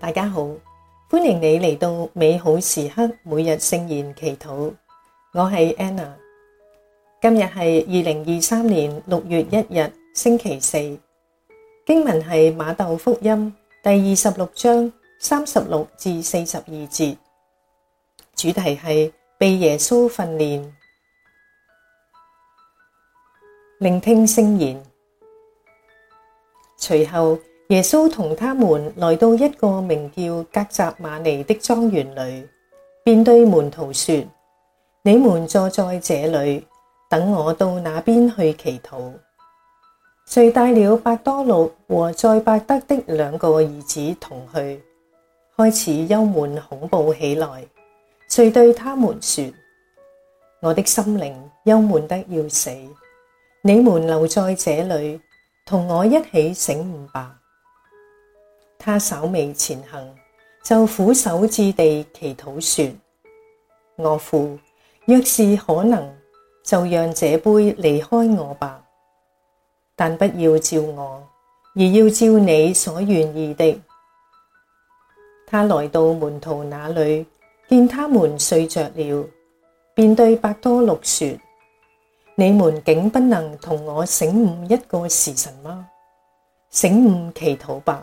大家好，歡迎你嚟到美好時刻每日聖言祈禱，我係 Anna，今日係二零二三年六月一日星期四，經文係瑪竇福音第二十六章三十六至四十二節，主題係被耶穌訓練，聆聽聖言，隨後。耶穌同他們來到一個名叫革責瑪尼的莊園裡，便對門徒說：你們坐在這裡，等我到那邊去祈禱。遂帶了伯多祿和載伯德的兩個兒子同去，開始憂悶恐怖起來。遂對他們說：我的心靈憂悶得要死，你們留在這裡同我一起醒寤吧。他稍微前行，就俯首至地祈禱說：我父，若是可能，就讓這杯離開我吧，但不要照我，而要照你所願意的。他來到門徒那裏，見他們睡着了，便對伯多祿說：你們竟不能同我醒寤一個時辰嗎？醒寤祈禱吧。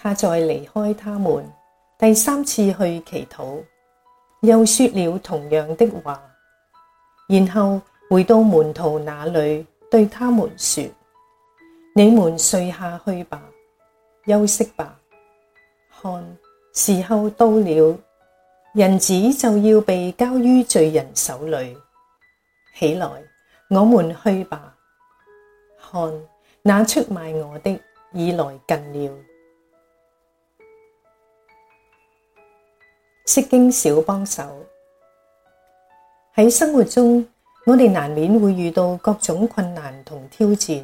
他再離開他們，第三次去祈禱，又說了同樣的話，然後回到門徒那裏，對他們說：你們睡下去吧，休息吧。看，時候到了，人子就要被交於罪人手裏。起來，我們去吧。看，那出賣我的已來近了。釋經小幫手。喺生活中，我哋難免會遇到各種困難同挑戰。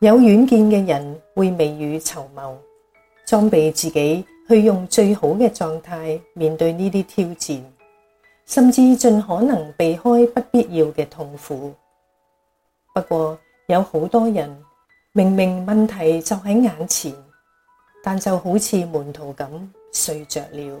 有遠見嘅人會未雨綢繆，裝備自己去用最好嘅狀態面對呢啲挑戰，甚至盡可能避開不必要嘅痛苦。不過，有好多人明明問題就喺眼前，但就好似門徒咁睡着了。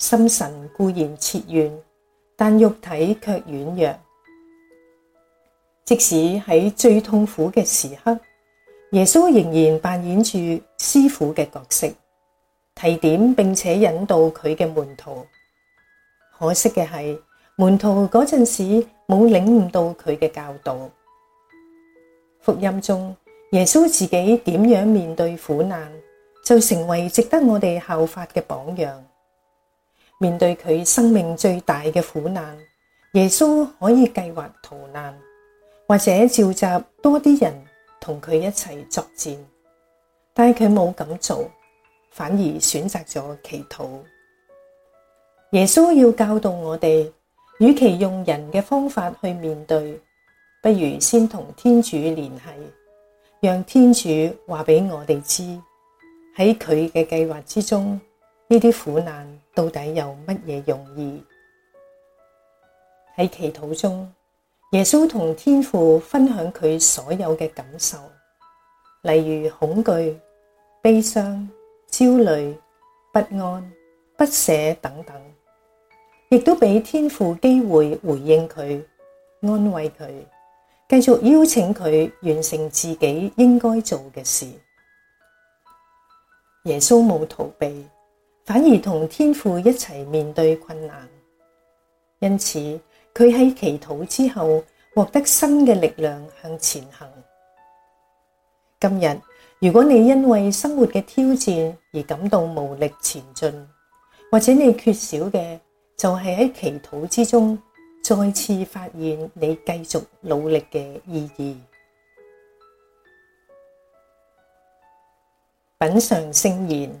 心神固然切願，但肉體卻軟弱。即使喺最痛苦嘅時刻，耶穌仍然扮演住師傅嘅角色，提點並且引導佢嘅門徒。可惜嘅係，門徒嗰陣時冇領悟到佢嘅教導。福音中，耶穌自己點樣面對苦難，就成為值得我哋效法嘅榜樣。面對佢生命最大嘅苦難，耶穌可以計劃逃難，或者召集多啲人同佢一齊作戰，但係佢冇咁做，反而選擇咗祈禱。耶穌要教導我哋，與其用人嘅方法去面對，不如先同天主聯繫，讓天主話俾我哋知，喺佢嘅計劃之中，呢啲苦難……到底有乜嘢用意？喺祈禱中，耶穌同天父分享佢所有嘅感受，例如恐懼、悲傷、焦慮、不安、不捨等等，亦都俾天父機會回應佢、安慰佢，繼續邀請佢完成自己應該做嘅事。耶穌冇逃避。反而同天父一齊面對困難，因此佢喺祈禱之後獲得新嘅力量向前行。今日如果你因為生活嘅挑戰而感到無力前進，或者你缺少嘅就係喺祈禱之中再次發現你繼續努力嘅意義。品嘗聖言。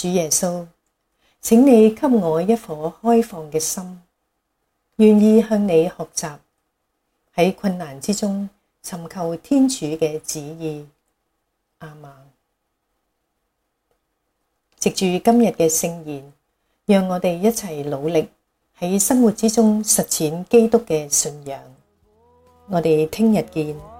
主耶穌，請你給我一顆開放嘅心，願意向你學習，喺困難之中尋求天主嘅旨意。阿瑪，藉住今日嘅聖言，讓我哋一齊努力喺生活之中實踐基督嘅信仰。我哋聽日見。